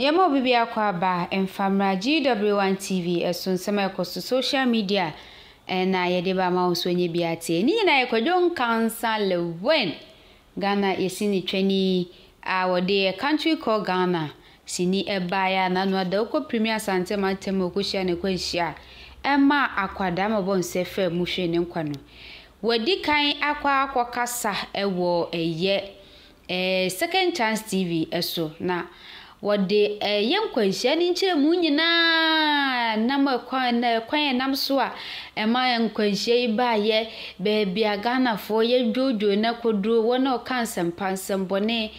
yɛma obibi akɔ aba mfammra gw1 tv ɛso nsɛm a ɛkɔ so social media ɛna yɛde ba ama wo so nyɛ bi ateɛ ne nyinaa yɛkwadwo nkansa lewen ghana yɛsi ne twani a wɔde yɛ country call ghana sini ɛbaeɛ a nanoada wokɔ premier santem atɛm a ɔkɔhyia ne kwanhyia a ɛma akwadaa ma bɔ nsɛ fɛ mu hwɛ ne nkwa no wɔadi kan akɔ akɔkasa ɛwɔ ɛyɛ eh, second chance tv ɛso na wɔde ɛyɛ eh, nkwanhyia ne mu nyinaa nam eh, eh, kwan a nam so a ɛma nkwanhyia yi baayɛ baabi a ghanafoɔ yɛdwoodwoo na koduro wɔn a ɔka nsɛmpa nsɛmbɔne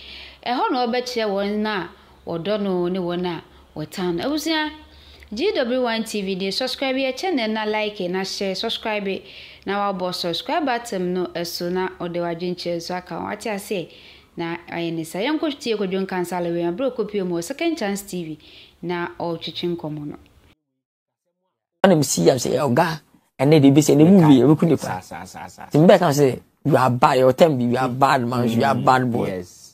ɛhɔ na wɔbɛkyerɛ wɔn a wɔdɔ no ne wɔn a wɔtan no abusua gw1 tv de subscribe yɛ channel na like na hyɛ subscribe na wabɔ subscribe button no ɛso na ɔde wadwenkyerɛ nso aka wɔn ate aseɛ na eh, ayɛ eh, ne sa yɛnkɔtie kwadwo nkansa alewei aberɛ ɔkɔpie mu wɔ second chance tv na ɔretwetwe nkɔmmɔ no anam si yam sɛ ɔga ɛnɛ de bi sɛ ne mu wie ɛbɛku nipa nti mbɛ ka sɛ you are bad your term be you are bad man you are bad boy yes.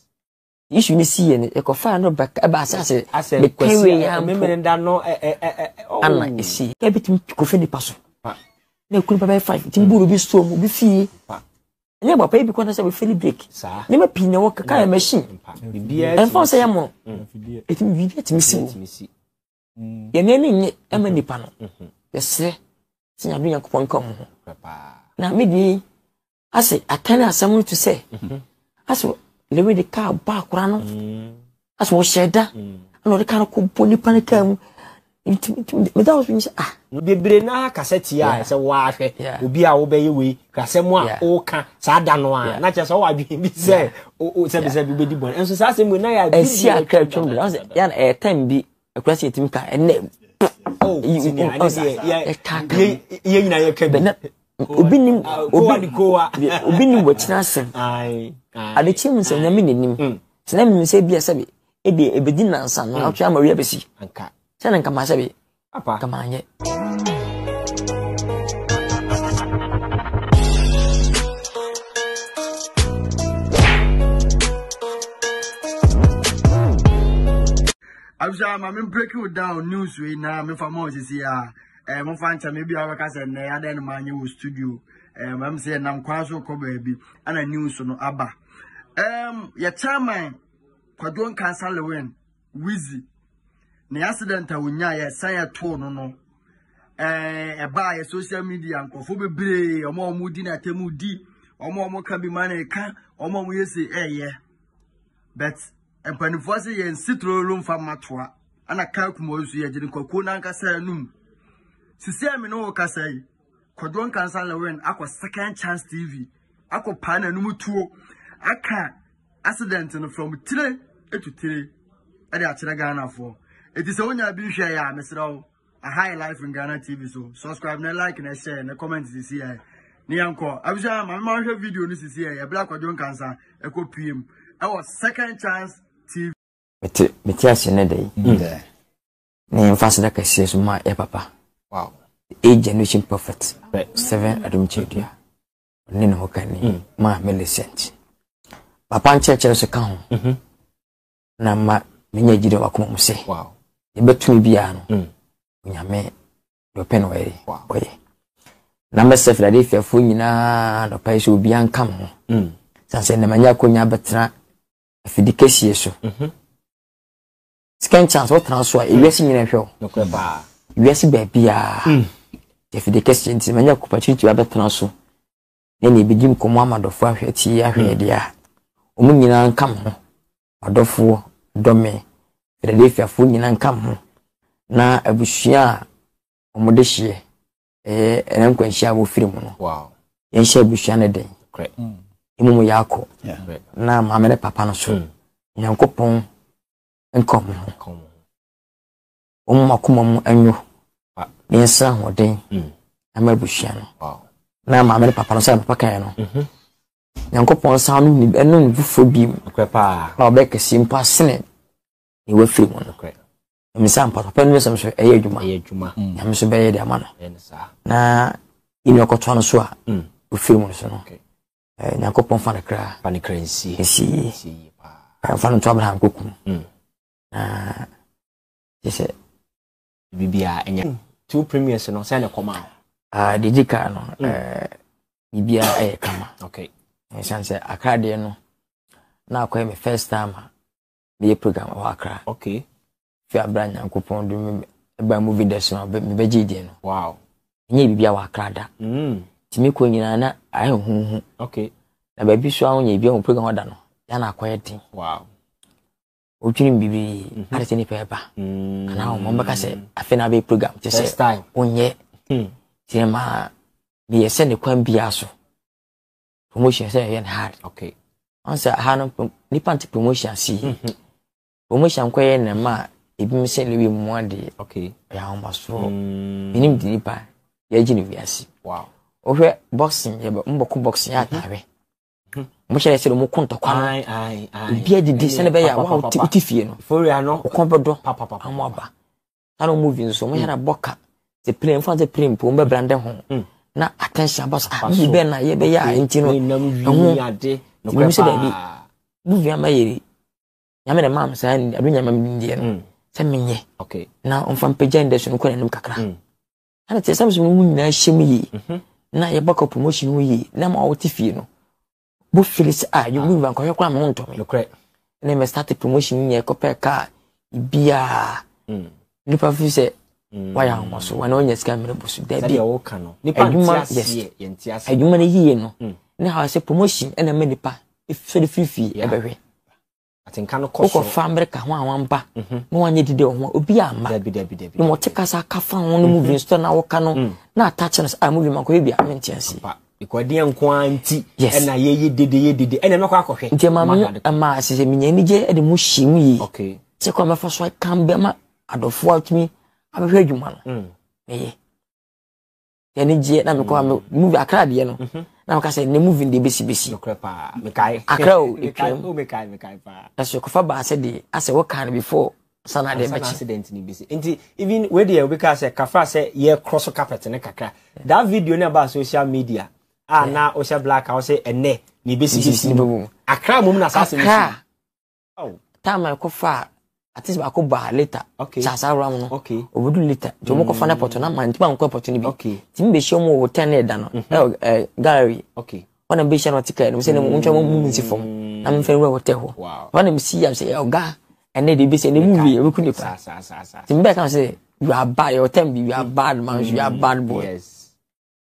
issue ni si yɛ no ɛkɔfa eh, no bɛka ɛba asɛ asɛ mekɛwe yɛ mpo ana ɛsi ɛbɛtumi kɔfɛ nipa so na ɛku nipa bɛyɛ five nti mbɔ obi so mu obi fie ɛnyɛ papa yi bi kɔnɔ sɛ bɛ fili break nneɛma pii na ɛwɔ kaka yɛ machine ɛnfɔn sɛ yɛ mɔ etimi bibi etimi si wo mm. yɛn ani nye ɛma mhm. nipa no mhm. yɛsrɛ sɛ nyadu yɛn kopɔn ka mo ho na mi di ase atani asɛm no to sɛ mhm. ase lewe de kaa baa kora no mm. ase wɔhyɛ da ɛna mm. ɔde kaa no kɔ bɔ nipa ne kaa mu metawo so nyisa ah bebree na kasɛ tie a sɛ wɔahwɛ obi a wobɛyɛ wei kasɛ mu a woka saa da no a na kyerɛ sɛ wɔwɔ adwene bi sɛ sɛbisɛ bi bɛdi bɔne ɛnso saa sɛ mu na yɛ asi atwa atwam de sɛ yɛn ɛyɛ time bi akura sɛ yɛtumi ka ɛnɛ oh, yɛ nyina yɛka bi obi nim ah, obi nim wɔkyena asɛm adekyerɛ mu sɛ nyame n'anim mm. sɛ na mmim sɛ bia sɛbe ɛde ɛbɛdi nansa no atwe mm. ama wie abɛsi sɛne nkama sɛ bi nkama anyɛ abusua ma me break you down news wey na me fa mo sisi a eh mo fa ncha me bi awaka se na ya den ma studio eh ma me se so ko ba bi ana news no aba um ya chairman kwadon council wen wizi na accident a wonya yɛ san yɛ too no no ɛɛ ɛbaa yɛ social media nkɔfo bebree ɔmo a di na n'atɛmu di ɔmo a ɔmo ka bi ma na ɛka ɔmo a ɔmo yɛ se but mpanimfoɔ se yɛn sitoro lomfa matoa ɛna kaa kuma nso yɛ gyina kɔkɔɔ n'ankasa anum sisi ɛmi no wɔ kasa yi kɔdɔn kansa lewin akɔ second chance tv akɔ paa n'anum tuo aka accident no from tire etu tire ɛde akyerɛ ghana foɔ. It is only a big share, yeah, Mr. O. A high life in Ghana TV. So subscribe, na like, and share, and comment this year. Nianko, I wish I my mother video this is here. A black or don't cancer, a co PM. I was second chance TV. Mete ase ne dɛ ne mfa so da kɛseɛ so ma yɛ papa eight generation prophet seven adomkyɛdua ɔne ne hokani. kani hmm. ma millicent papa nkyerɛkyerɛ so ka ho mhm. na ma menya gyi dɛ wakoma mu Wow yɛbɛtumi biara no onyame mm. deɛ ɔpɛ no ɔyɛ ɔyɛ na mɛsɛ filadelfiafoɔ nyinaa dɔpa yi sɛ obiara nka me ho mm. san sɛ nnɛma nyɛ akɔnya bɛtena afidi kɛseɛ so mhm. second chance wɔtena so a mm. ewiase nyina hwɛ wo ewiase baabiaa afidi kɛseɛ nti nnɛma nyɛ akɔpakyiritiri abɛtena so na ne ebedi nkɔmmɔ ama dɔfoɔ ahwɛ tie ahwɛ deɛ a wɔn nyinaa nka ho adɔfoɔ dɔmee filadelfiafoɔ nyina nka ho na abusua a wɔde hyeɛ ɛyɛ ɛnam kwanhyia a wɔfiri mu no yɛnhyɛ abusua no den emu mm. mu yaakɔ na maame ne papa no so mm. nyankopɔn nka wɔn ho wɔn mu akoma mu anwo ah. ne nsa ahoɔden mm. ama abusua no na maame ne papa no sɛ papa kan no mm-hmm. nyankopɔn nsa no ɛnum fufuo bi mu na ɔbɛ kɛse mpo asene. ne wafiri mu no misa mpatapa no sɛ mso ɛyɛ adwuma nyame so mm. bɛyɛ de ama no na ɛni ɔkɔtoa no so a ɔfiri mm. mu no so no eh, nyankopɔn fa no kra ɛsiyie fa no nto eh, abraham kokum mm. na te sɛ deɛ gyi kaa no ah, eh, biribiaa ɛyɛ kama ɛsiane sɛ akradeɛ no na akɔyɛ me first time a meyɛ program wɔ akra okay. fi abra nyankopɔn de ba movie dɛ so mebɛgye deɛ no wow. ɛnyɛ biribia wɔ akra da mm. nti mekɔ nyinaa na ayɛ huhu okay. na baabi so a wonyɛ bia wo program ɔda no yɛ akɔyɛ den wow. wotwirim bibiri mm -hmm. ade sɛ nipa ɛba mm. anaa ɔma bɛka sɛ afei na abɛyɛ program te sɛ wonyɛ hmm. nti ma meyɛ sɛ ne kwan biaa so promotion sɛ ɛyɛ ne hard okay. ansɛ ha no nipa nte promotion asii wɔn hyɛ nkɔyɛ nnɛma a ebi mo sɛ lewi mu adeɛ ɔyɛ ahomasoɔ hmm. enim di nipa yɛgye no wiase wohwɛ boxing yɛ mbɔko boxing yɛ ataare mo hmm. hyɛ sɛ mo ko ntɔkwa no obi adidi sɛne bɛyɛ a wa wote fie no ɔkɔ bɛdɔ amo aba sanu movie nso mo yɛrɛ hmm. bɔ ka sɛ plane fɔ sɛ plane po mo bɛ brande ho na attention aba so ah mi bɛ na yɛ bɛyɛ a nti no ɛho ti sɛ dɛbi nyame na maam saa adu nyama mi deɛ no mm. sɛ menyɛ na ɔmfa mpagya ndɛso no kɔ n'anim kakra ana mm. te samsom no mu nyinaa hyɛ mu yie mhm. na yɛbɔ kɔ promotion mu yie na ma ɔwote fie no bo fili sɛ a ah, yɛ ah. wura nkɔhwɛ koraa me ho ntɔme na mɛ start promotion yɛ kɔpɛ kaa biaa mm. nipa fi sɛ wayɛ ahomaso wane ɔnyɛ sika mmerɛ bɔ so dabi adwuma yes adwuma no yie no na hawa sɛ promotion ɛna ma nipa ɛfisɛ e- de firifiri ɛbɛhwɛ atenka no kɔ so wokɔfa amerika ho a wamba mhm. na wanyɛ didi wɔ ho obi ama na wɔte kasa ka fa ho no movie mhm. store na woka no mm. na atakyɛ no sɛ a movie mankɔyɛ bia mentiase ikɔdeɛ nko a nti ɛna yɛyɛ dede yɛ dede ɛna mɛkɔ akɔhwɛ nti ɛma ɛma sɛsɛ minya anigye ɛde mu hyɛ mu yie sɛ kɔ mɛfa so kan bɛma adɔfoɔ atumi abɛhwɛ adwuma no mm. meyɛ yɛne gyeɛ na mekɔ mm. movie akra deɛ no mm -hmm. na meka sɛ ne movie deɛ bɛsibɛsi akra o ɛtwam ɛso kɔfa baa sɛ deɛ asɛ woka no before sana deɛ bɛkyi nti even wei deɛ wobɛka sɛ kafra sɛ yɛkorɔ so carpet ne kakra that video ni ɛbaa social media a na wohyɛ black a wo sɛ ɛnɛ ne bɛsibɛsi no akra mom na saa sɛ oh. time a ɛkɔfa a artist baako ba later okay. kyasa awura mu no okay. obodu later nti ɔmo kɔfa ne pɔtɔ na maa nti maa nkɔ pɔtɔ ne bi ti mi bɛhyia mu wɔ ten ne ɛda no ɛwɔ ɛɛ gallery wɔn na mi bɛhyia na ɔte kaa ɛnum sɛ ɛnum ntwa mu mu nsi fam na mi fɛn wura wɔ tɛ hɔ wɔn na mi si yam sɛ ɛwɔ gaa ɛnɛ de ebi sɛ ɛnɛ mu wie ebi ku nipa ti mi bɛɛ kan sɛ you are bad ɛwɔ tɛm bi you are bad man you are bad boy. Mm,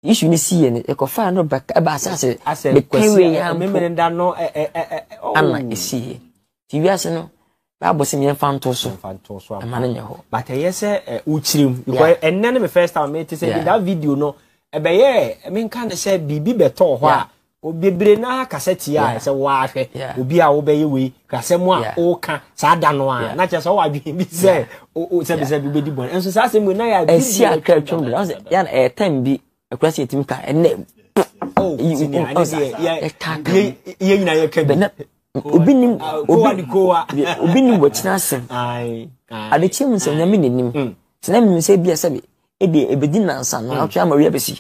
yes isu ni si yɛ no ɛkɔfa no ɛba asase mekɛwe yɛ ampo ana ɛsi oh. yɛ ti wiase no baabu si yɛnfa nto so ɛma ne nyɛ hɔ. but ɛyɛ sɛ wokyirim because ɛnɛ ne mi first time mi ti sɛ bi that video no ɛbɛyɛ mi nka ne sɛ biribi bɛtɔ hɔ a bebree na kasa tia a sɛ wahwɛ obi a wobɛyɛ wei kasɛm a woka saa da no a na kyerɛ sɛ wɔ adwene bi sɛ sɛbi sɛ bi bɛdi bɔne nso saa asɛm wei na yɛ ɛsi akra twam da sɛ yɛn ɛyɛ time bi akura sɛ yɛtumi ka ɛnɛ oh, yɛ nyina yɛ ka bi obi nim ah, obi obi nim wɔkyena asɛm adekyee mu sɛ nyame n'anim mm. sɛnɛ mi sɛ bia sɛbi ebi ebedi nansa no mm. atwe ama wia besi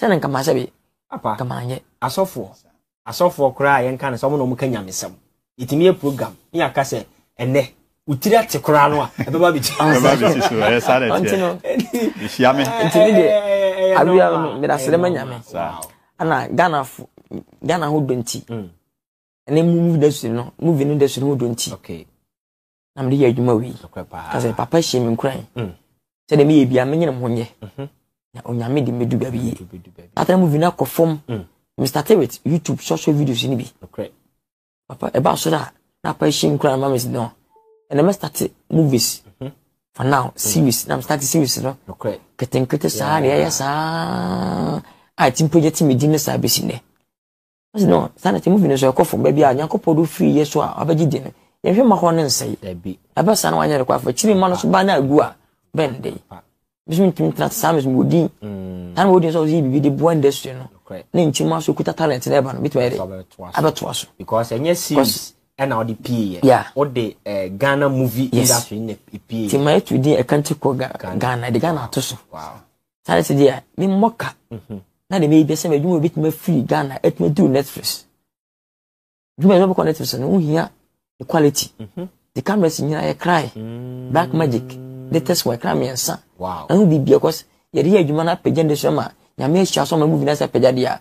sɛnɛ nkama sɛbi nkama anyɛ. asɔfoɔ asɔfoɔ koraa yɛn ka ne sɛ ɔmo na ɔmo ka nyamesɛm yɛtumi yɛ program ne yɛ aka sɛ ɛnɛ wotiri ate koraa no a ɛbɛba bi kyi. ɛbɛba bi kyi so ɛyɛ saa tiɛ ehyia mi. deɛ awia no mɛda nyame ana ghana fo ghana ho dɔnti. Mm ɛnɛ mu movie industry no movie no industry no mu don ti na mede yɛ adwuma wei kasɛ papa hyɛ me nkuran mm. sɛdeɛ meyɛ bia menyene ho nyɛ mhm. onyame de mɛdu baabi yie ata movie no akɔ fam mestarte mm. with youtube social videos no bi papa ɛba soro a na papa hyɛ me nkuran ma mesi no ɛnɛ mɛstarte movies mhm. for now mm. series na mestarte series no ketenkete saa ne ɛyɛ saa a ɛtim pɛ gye te medin no saa bɛsi nnɛ ɔsi no sanni ti mu fi ne so ɛkɔ fam baabi a nyankopɔ do firi yɛ so a abɛgye di ne yɛn hwɛ makɔ ne nsa yi ɛbɛ sa no wanyɛ de kɔ afɔ kyiri ma no so ban na agu a bɛn de yi bisu ntumi tena saa bisu mo din mm. saa mo din sɛ ɔsi bibi de bua industry no ne nkyɛn mu aso kuta talent na ɛba no bituma yɛ de abɛtoa so. because ɛnyɛ series ɛna ɔde pie yɛ ɔde ɛɛ eh, ghana movie industry ne pie yɛ ti ma etu din ɛkanti kɔ ghana ɛde ghana ato so sanni ti di a mi mmɔ ka. Mhm na de meyi bɛsɛ adwuma bi tuma firi ghana ɛtuma duru netflix adwuma yɛn bɛkɔ netflix no ohia the quality the camera cameras nyinaa yɛ kra black magic latest wɔ kra mmiɛnsa ɛho biribi ɛkɔs yɛde yɛ adwuma no apagya de so ma nyame ahyia so ma movie no sɛ apagya deɛ a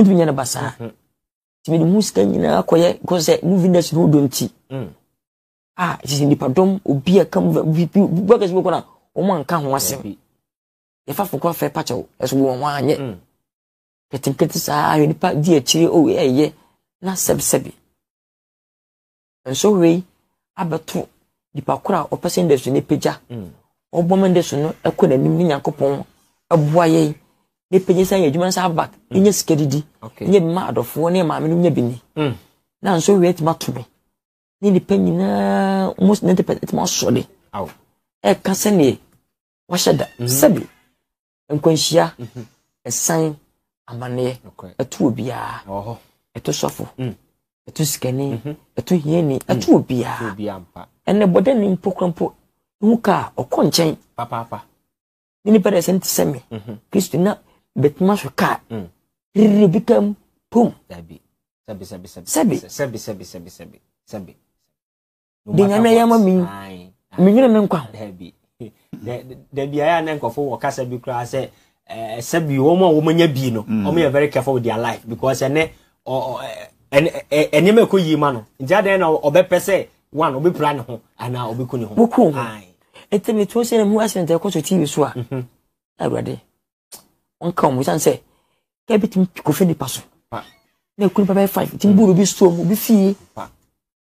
wontumi nyɛ no ba saa nti mede mu sika nyinaa kɔyɛ kɔ sɛ movie no no wodɔ nti a sisi nipadɔm obi a ka movie bi bi bi akɛse bi kɔ na wɔn anka ho asɛm yɛfa fokɔ fɛ pakyɛw ɛso wɔn ho anyɛ nketenkete saa ayɛ nipa di akyire o oh, ɛyɛ na sɛbsɛbi nsɔhwɛ yi abɛto nipa koro a ɔpɛ sɛ ndɛso ne pagya mm. ɔbɔn mu ndɛso no ɛkɔ n'anim ne nyankopɔn ɛboa yɛ yi ne pagya san yɛ adwuma nsa aba mm. nye sika didi nye bi ma adɔfoɔ ne maame no nye bi ni mm. na nsɔhwɛ yɛ tuma tumi ne nipa nyinaa most ninety percent tuma sɔre ɛka sɛnea wahyɛ da mm-hmm. sɛbi nkwanhyia mm-hmm. ɛsan amaneɛ ɛto obiara ɛto sɔfo ɛto mm. sikani ɛto mhm. hiɛni ɛto mm. obiara ɛnɛ bɔdɛ ni mpo kurampo ihu kaa ɔkɔ nkyɛn ne nipa dɛ sɛ ne te sɛ me kristo mhm. na bɛtuma so kaa mm. riri bi ka mu pom sɛbi de nyame yɛ ma mi menwene me nkwa ho dabi ayɛ a na nkɔfo wɔ kasa bi koraa sɛ Eh, sɛ bi wɔn a wɔn anya bi no mm. wɔn yɛ very careful with their life because ɛnɛ ɛnneɛma ɛkɔ yie ma no nti adan na ɔbɛpɛ sɛ one ɔbɛpira ne ho anaa ɔbɛku ne ho. woku ho nti mi tó sɛ mu accident ɛkɔ so tv so a mhm. awurade nka wɔn san sɛ kɛ bi ti kofi nipa so na ekun nipa bɛyɛ five ti n buru obi storm obi fie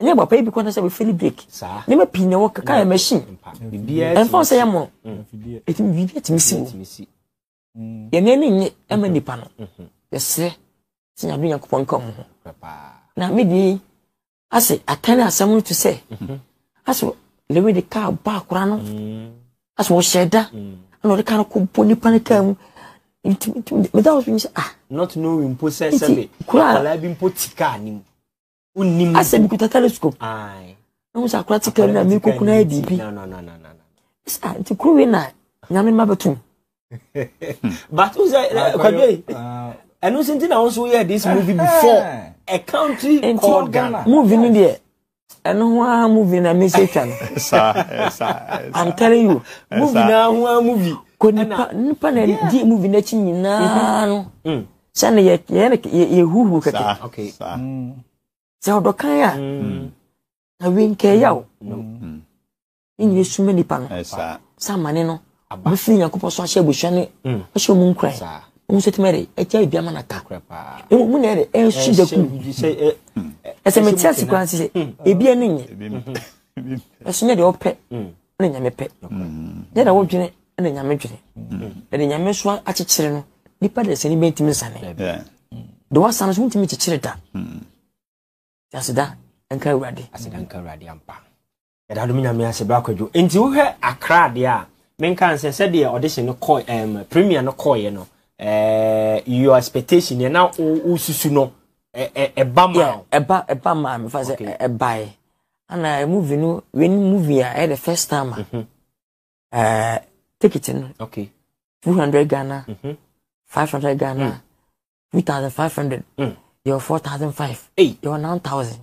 ne papa yi bi kɔnta sɛ wofɛli break ne ma pii na wɔ kaka yɛ machine ɛnfa sɛ yɛ mɔ etimi mm. bibi etimi si wo. Mm-hmm. yɛn nneɛma nye ɛma mm-hmm. nipa no mm-hmm. yɛsrɛ sɛ nyame nyankopɔn nka mo ho na medie ase atane asɛm no to sɛ ase lewi de kaa baa kora no mm. ase wɔhyɛ da ɛna mm. ɔde kaa no kɔbɔ nipa no kaa mu meda wɔ sɛ ah not knowing mpo sɛ sɛbe akwadaa bi mpo ti kaa nim wonim asɛ mikuta telescope na mo sɛ akwadaa ti kaa mu na mekɔkuna adibi ah, nti kuro wei na nyame ma bɛtom Hmm. but who say kwadwe ẹnu sin ti na wọn so yẹ this movie eh. before a country called Ghana movie ni deɛ ɛno ho ara movie na mese twa no i'm telling you movie na ho ara movie ko nipa nipa na di movie n'akyi nyinaa mm-hmm. no sani yɛ yɛ Okay. huhu kɛkɛ sɛ ɔdɔkan a na wei nkɛyɛ o ɛnyina esuma nipa no sɛ amane no aba mefiri nyankopɔn so bushani abusua ne ahyɛ mm. mu nkura ɔmu sɛ tɛmɛ de ɛkyɛ ebi ama nata emu mu na yɛ de ɛnsu daku mm. ɛsɛ mɛ tia sikora sɛ mm. ebi ɛni nyɛ mm-hmm. ɛso nyɛ de ɔpɛ ɛna nyame pɛ nyɛ de ɔdwene ɛna nyame dwene ɛde nyame so akyekyere no nipa de sɛni bɛn timi nsane de wasa no so ntumi kyekyere da yaseda nka awurade aseda nka awurade ampa yɛda dom nyame ase bɛ akwadwo nti wohwɛ akra adeɛ a menka nsɛ sɛdeɛ audition no kɔ um, premier no kɔɔyɛ no uh, your expectation yɛ na wosusu no ɛba ma ɛba ɛba ma mi fa sɛ ɛbae ana movie no wei movie a ɛyɛ the first time a mm-hmm. ɛɛ ticket no okay two hundred ghana mm-hmm. five hundred ghana mm. two thousand five hundred mm. yɛ four thousand five yɛ nine thousand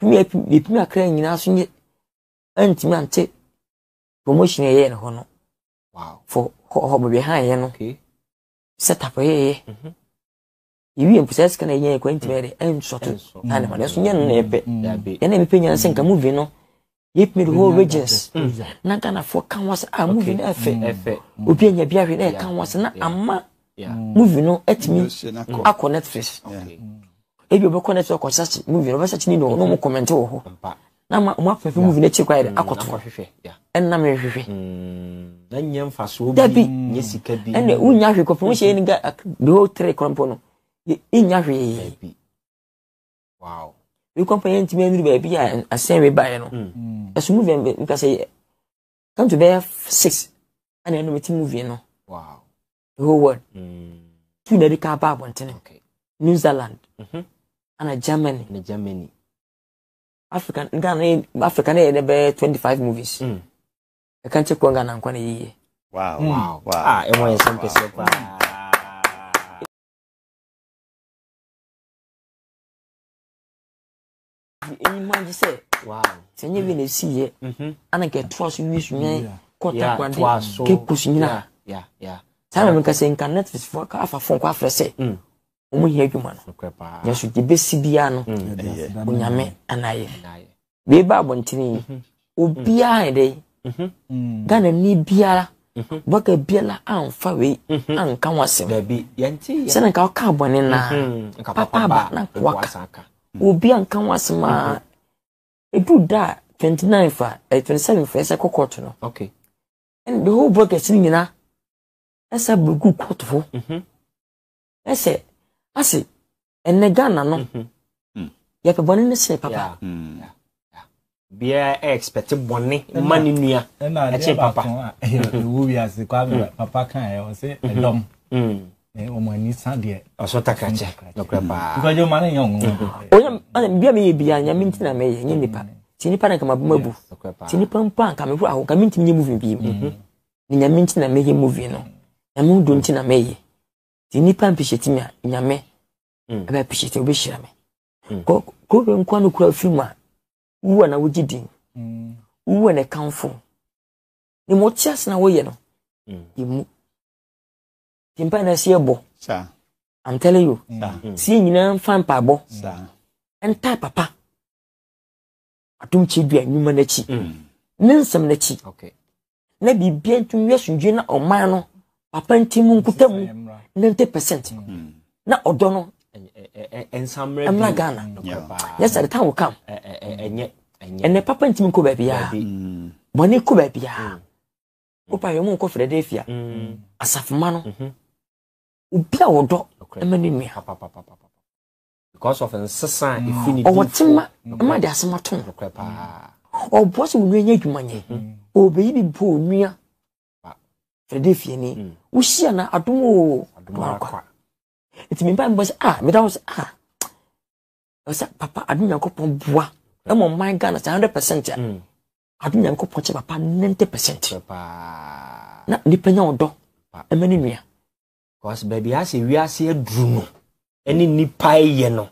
pimi yɛ pimi akra nyinaa so nye ɛntumi ante. promotion yɛyɛ no hɔ no fo hɔ baabi ha yɛ no setup yɛyɛ ewie mpo sika na yɛyɛ kwan ntumi yɛde ɛnsɔto na ne ma nyɛ no na yɛpɛ yɛn na yɛpɛ nka movie no the whole regions na mm. a movie no ɛfɛ mm, mm. obi bi ahwɛ na yɛka ho na ama movie no akɔ netflix ebi netflix ɔkɔ movie no ni na wɔ hɔ. na ma ɔmo afɛfɛ mu n'ekyi kwa yɛrɛ mm, akɔto ɛnna mi hwehwɛ. Mm, na nyɛ nfasoɔ bi nyɛ sika bi ɛnna wunya hwee kɔfɛ mo hyɛ ni ga the whole three kɔnpɔ no enya hwee. ebi kɔnpɔ yɛn ntumi ɛnuru baabi a asɛn bi baayɛ no mm. ɛso mu vɛn nka sɛ kanto bɛyɛ six ɛnna ɛnna mi ti mu no the whole world two na ɛde ka aba abɔntene new zealand mm-hmm. ɛnna germany. African, ghana yɛ africa ne yɛ dɛ bɛyɛ twenty five movies ɛka nkyɛ kuro ghana nkwa na yɛyɛ ɛwɔ yɛ sɛm kɛseɛ paa ɛnyima gye sɛ sɛ nyɛ bi na ɛsiiɛ ana nkɛtoa so wi sunyɛ kɔtakwade kɛkɔ so nyinaa saa na meka sɛ nka netflix fo afa fo nkɔ afrɛ sɛ wɔn yɛ adwuma no yɛso deɛ bɛsi biara no onyame anayɛ wei ba abɔntene yi mhm. obiara yɛ dɛ mhm. mm. ghana ni biara mhm. bɔka biara anfa wei anka ho asɛm sɛnɛ nka ɔka na papa papaaba na waka mm. obi anka ho asɛm a edu da twenty nine fa ɛ eh, twenty seven fa ɛsɛ kɔ kɔɔto no ɛn de whole bɔkɛt no nyinaa ɛsɛ abegu kɔɔto hɔ ɛsɛ. ase ɛnɛ ghana no mhm. mm. yɛpɛ bɔne no sene papa mm. biara expect bɔne ma ne nua ɛkyɛ papa mm. ɛwu wiase papa kaeɛ ɔ sɛ ɛdɔm ɔmɔ ani sa deɛ ɔso takrakyɛ nɔkorɛ paa nkɔgye ɔma no nyɛ ɔwo bia meyɛ na meyɛ nyɛ nnipa nti nnipa na nkama boma bu nti nnipa mpo a nkama hura movie bi mu mm-hmm. ne movie no nyame ho do nti na mpɛhyɛ timi a nyame ɛbɛ mm. pihyɛ sɛ wobɛhyira me mm. kuro nkwa no kura firi mu a wuwa na wogye din mm. wuwa na ɛkamfo ne ma ɔte ase na woyɛ no yɛmu timpa na ɛsɛ yɛbɔ i'm telling you si nyinaa mfa mpaebɔ ɛntae papa adom kyɛ dua nnwuma n'akyi ne nsɛm n'akyi na biribia ntumi asomdwe na ɔman no papa ntimu nkutamu 90 percent na ɔdɔ no nsammerɛ bi ghana yes at the time will come ɛnyɛ ɛnɛ papa ntumi nkɔ baabi a bɔne kɔ baabi a wopa mm. mm. yɛ mu nkɔ philadelphia mm. asafoma no mm-hmm. obi a wɔdɔ ɛma ne nua because of nsesa efi ne ɔwɔ tema ɛma de asɛm ato no ɔboa sɛ onua nyɛ adwuma nyɛ ɔbɛyi mm-hmm. bi bɔ onua philadelphia ni wohyia na adom o mankwa nti mi mpaebɔ sɛ ah meda hɔ sɛ ah sɛ papa adom nyankopɔn boa ɛma ɔman ghana sɛ hundred percent a mm. adom nyankopɔn kyɛ papa ninety percent na nipa nya ɔdɔ ɛma ne nua because baabi asɛ wiase aduru no ɛne nipa yɛ no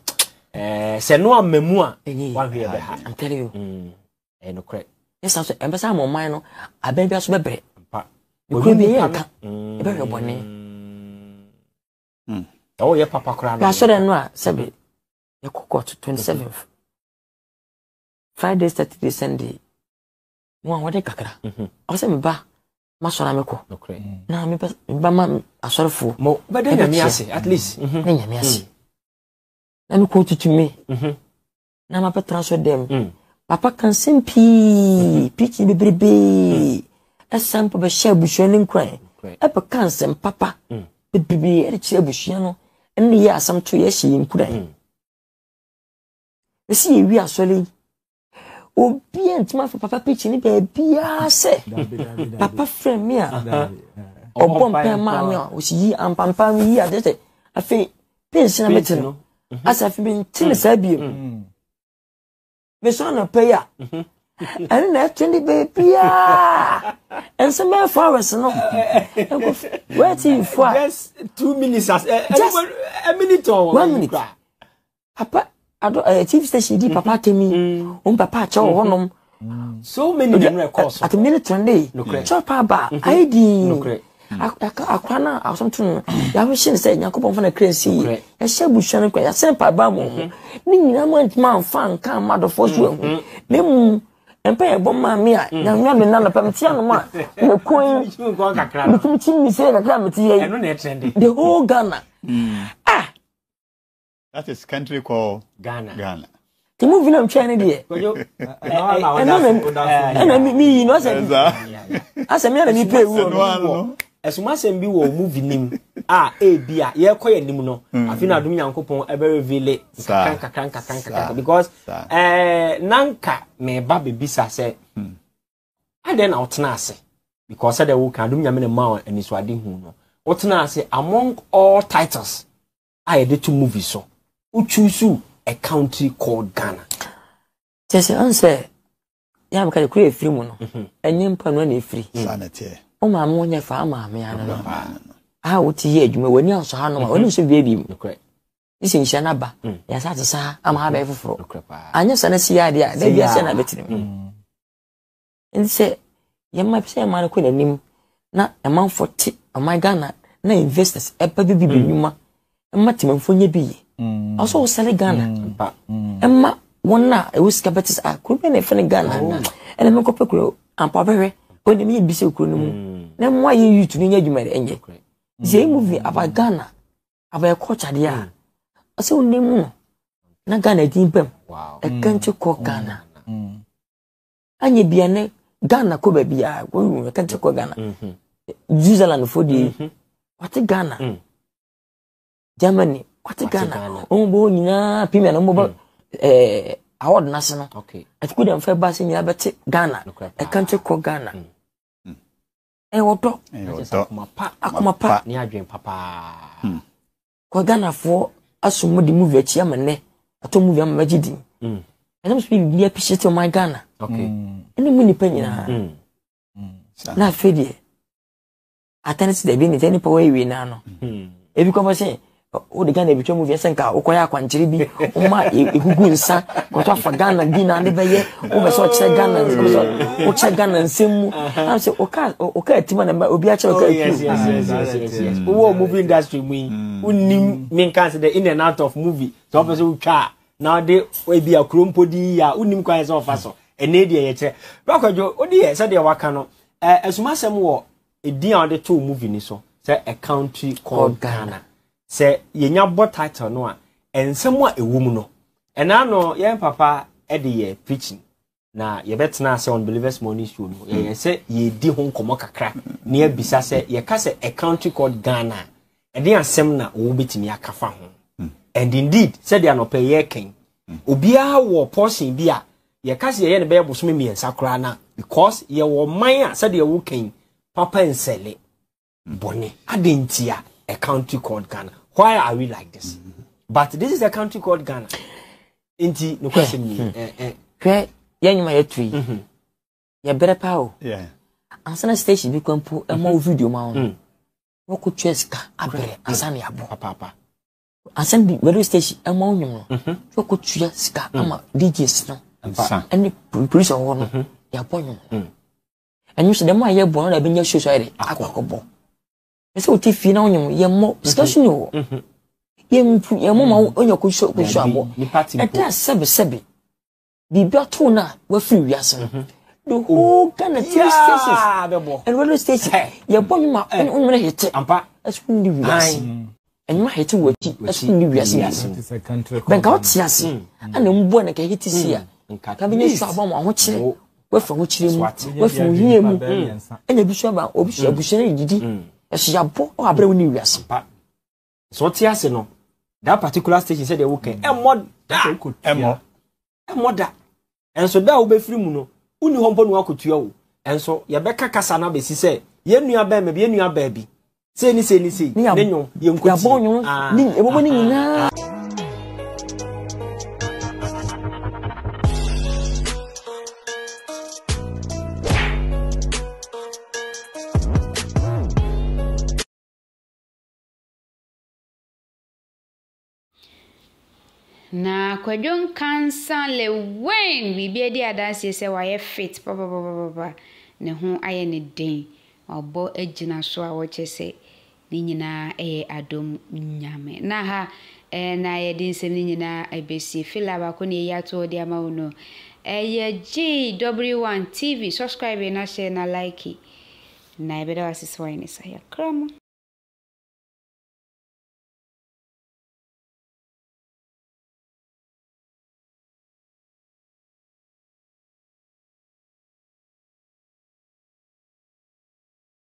sɛ no ama mu a wahwɛ bɛ ha i'm telling you mm. ɛyɛ nokorɛ ɛsan so ɛmbɛsa ama ɔman no abɛn bi aso bɛbrɛ ekuro bi yɛ nka ɛbɛhwɛ bɔne mm. hmm ɛwɔ yɛ papa koraa na yɛahyɛ dɛ no a sɛbe yɛkɔ kɔɔto 27 friday saturday sunday mo a wɔde kakra mhm. ɔwɔ sɛ meba masɔre a mekɔ na meba ma asɔrefoɔ bɛdɛ nyame ase at least mhm. ne nyame ase mhm. na mekɔ tutumi na mapɛtena transfer dɛm papa ka nsɛm pii pikyi bebrebee ɛsa mpo bɛhyɛ abusua no nkuran ɛpɛ ka nsɛm papa bebree ɛde kyerɛ abusua no ɛna yɛ asɛm to yɛhyɛ yɛn kura yi bɛsi hmm. yɛ wi asɔre yi obi a ntoma fɛ papa pikyi ne baabiara sɛ papa frɛ mi a ɔbɔ mpɛn maa mi a ɔsi yi ampampa mi yi ade sɛ afei pins na mɛte no mhm. asɛ afei mi nti ne saa bie hmm. mu bɛsi ɔna pɛ yi a. Mhm ɛne na ɛtwe ne baabiaa ɛnso mɛ flowers no wɛtimfo a two minutes as eh, eh, a minute or one minute papa ado ɛɛ eh, tv station di papa atɛmi mm-hmm. wɔn mm-hmm. papa akyɛ wɔ hɔnom mm-hmm. so many dem record so ati minute ne kyɛw pa aba ayi dii akora no asomto no yɛahwehye no sɛ nyankopɔn fa no kra nsi yie yɛhyɛ abusua no kra yɛasɛn pa ba mu ho ne nyinaa mu antimi amfa nka ma adɔfoɔ so ahu na mmom mpɛ yɛ bɔ maame a nyamea de na nɔpɛ mete anom a mekon metumi kyi mi sɛ kakra a mete yɛi the whole ghana mm. ah that is country called ghana ghana ti mu vi na mtwɛn ne deɛ ɛna meyi no asɛ asɛ me ana mepɛ wu ɛsomasɛm bi wɔ movie nim a ebi eh, a yɛkɔ yɛ nim no mm. afi na adum nyankopɔn ɛbɛrevele nkakran nkakran nkakran nkakran because ɛɛ eh, nanka mɛɛba bebisa sɛ mm. adeɛ na ɔtena ase because sɛdeɛ wɔka adum nyame na mmaa anisoade hu no ɔtena ase among all titles a yɛde to movie so a country called ghana. kyɛ ɔn sɛ yɛ abɛka de kuro efiri mu no mhm. ɛnyɛ na o maame wonyɛ fa maame ano no a wote yɛ adwuma w'ani asɔ ha no ma w'anim mhm. sɛ bia bi mu isi nhyia no aba mm. yɛsa te saa ama ha bɛyɛ foforɔ anyɛ sa no si yɛ adeɛ a da bia na bɛtene mu mm. nti sɛ yɛma sɛ yɛma no kɔ n'anim na ɛmanfo te ɔman ghana na investors ɛpɛ bi bi bɛnwuma mm. ɛma temanfo nyɛ bi yie ɔsɔ wosɛre ghana ɛma wɔn a ɛwɔ sika bɛte sɛ a ah, kuro bɛn na ɛfɛ ne ghana oh. ɛna mɛkɔpɛ kuro ampa bɛhwɛ ɔde mi yɛ bisɛ kuro no mu mm. na mo ayɛ youth no nyɛ adwuma de ɛnyɛ sɛ movie mm. aba ghana aba ɛkɔ kyadeɛ a mm. ɔsɛ ɔnne mu no na ghana din bɛm ɛka nti kɔ ghana anyɛ bia ne ghana kɔ baabi a wɔwu ɛka nti kɔ ghana new mm-hmm. zealand fo deɛ mm-hmm. wɔte ghana germany wɔte ghana ɔmo bɔ nyinaa premier na ɔmo bɔ ɛɛ eh, award n'ase no ɛtukudamfɛ baasi nyinaa bɛte ghana ɛka kɔ ghana. Mm ɛwɔ dɔ akoma pa ne adwen papaa hmm. kɔ ghanafoɔ asom mo de movie akyi ama nnɛ atɔ movie ama magye din hmm. ɛnam so biribi apɛhyɛ te ɔman ghana hmm. ɛne mu nnipa nyinaa na afei deɛ atane sɛ dabi ne sɛ nnipa wɔawie naa no ebi kɔbɔ sɛ wode ghana abitwa mu wiɛ sɛ nka wokɔyɛ akwankyere bi woma ɛgugu e-, nsa kɔtɔ afa ghana dina ne bɛyɛ wobɛ sɛ ɔkyerɛ ghana wokyerɛ ghana nsɛm mu am sɛ woka atim ana obi akyerɛ woka oh, mm. wowɔ movie industry mu yi mm. wonnim menka sɛ dɛ in and out of movie sɛ wopɛ sɛ wotwa a na wode ebi akuro mpo di yi a wonnim kwan sɛ wɔfa so ɛnɛ deɛ yɛkyerɛ bakɔdwo wode yɛ sɛdeɛ waka no ɛsumasɛm wɔ ɛdin a wode too movie ni so sɛ a country called ghana sɛ yɛnya bɔ title no a nsɛm a ɛwɔ mu no ɛna no yɛn papa de yɛ preaching na yɛbɛtena sɛ on believers morning show no yɛyɛ sɛ yɛdi ho nkɔmɔ kakra na yɛbisa sɛ yɛka sɛ a country called ghana ɛde asɛm na wɔbɛtumi aka fa ho hmm. and indeed sɛdeɛ anɔpɛ yɛkɛn obiara wɔ portion bi a yɛka sɛ yɛyɛ no bɛyɛ bosome mmiɛnsa koraa na because yɛwɔ man a sɛdeɛ wokɛn papa nsɛle hmm. bɔne adɛn ntia a country called Ghana. Why are we like this? Mm -hmm. But this is a country called Ghana. Nti no question me. Hmm. Eh, eh. Hwɛ yɛn ma yɛ tu yi. Mhm. Yɛ bɛrɛ paa o. Ansana station bi kwan po ɛma o mhm. video ma wɔn. Hmm. Wɔkɔ twɛ sika abɛrɛ ansana yabɔ. Ansana bi radio station ɛma o nyom no. Mhm. Wɔkɔ twɛ sika hmm. ama DJs no. Ɛne polisi ɔwɔ no. Yabɔ nyom. Ɛnyɛ sɛ dɛm a yɛ bɔ no na ebi show so ayɛ dɛ akɔ akɔ bɔ ɛsɛ o ti fi na ɔnyɛ yɛ mmɔ mhm. discussion mhm. yɛ wɔ yɛ mpu yɛ mmɔ ma ɔnyɛ kosu kosu abɔ ɛda e sɛbi sɛbi biribi ato na we wiase no mhm. the whole kind of tv stations and radio stations yɛ bɔ nyuma ɛni ɔnyuma na hete ɛsɛ ɔnyuma di wiase ɛnyuma hete wɔ akyi ɛsɛ ɔnyuma di wiase bɛnka ɔte ase ɛna mbu ɛna ka hete si a kabi ne su abɔ mu ahokyere wafa ahokyere mu wafa ohia mu ɛna ebi so aba obi so abusua na yɛ didi ɛso yabɔ oh, abrɛ wo ne wiase sɛ ɔte ase no that particular station sɛdeɛ wokɛ ɛmmɔ da ɛmmɔ da ɛnso da a wobɛfiri mu no wonni hɔ mpo ne woakɔtua wo ɛnso yɛbɛka kasa no abɛsi sɛ yɛn nua bɛɛ ma bi yɛn nua bɛɛ bi sei ne sei ne sei ne nwom yɛnkɔti yɛbɔ nwom ɛbɔbɔ ne nyinaa na kwadwom kansa lewen biribia di adanseɛ sɛ wayɛ fit papapapapa ne ho ayɛ ne den so sɛ ne nyinaa adom na ha na yɛde nsɛm ne nyinaa fila baako yɛyɛ de 1 tv subscribe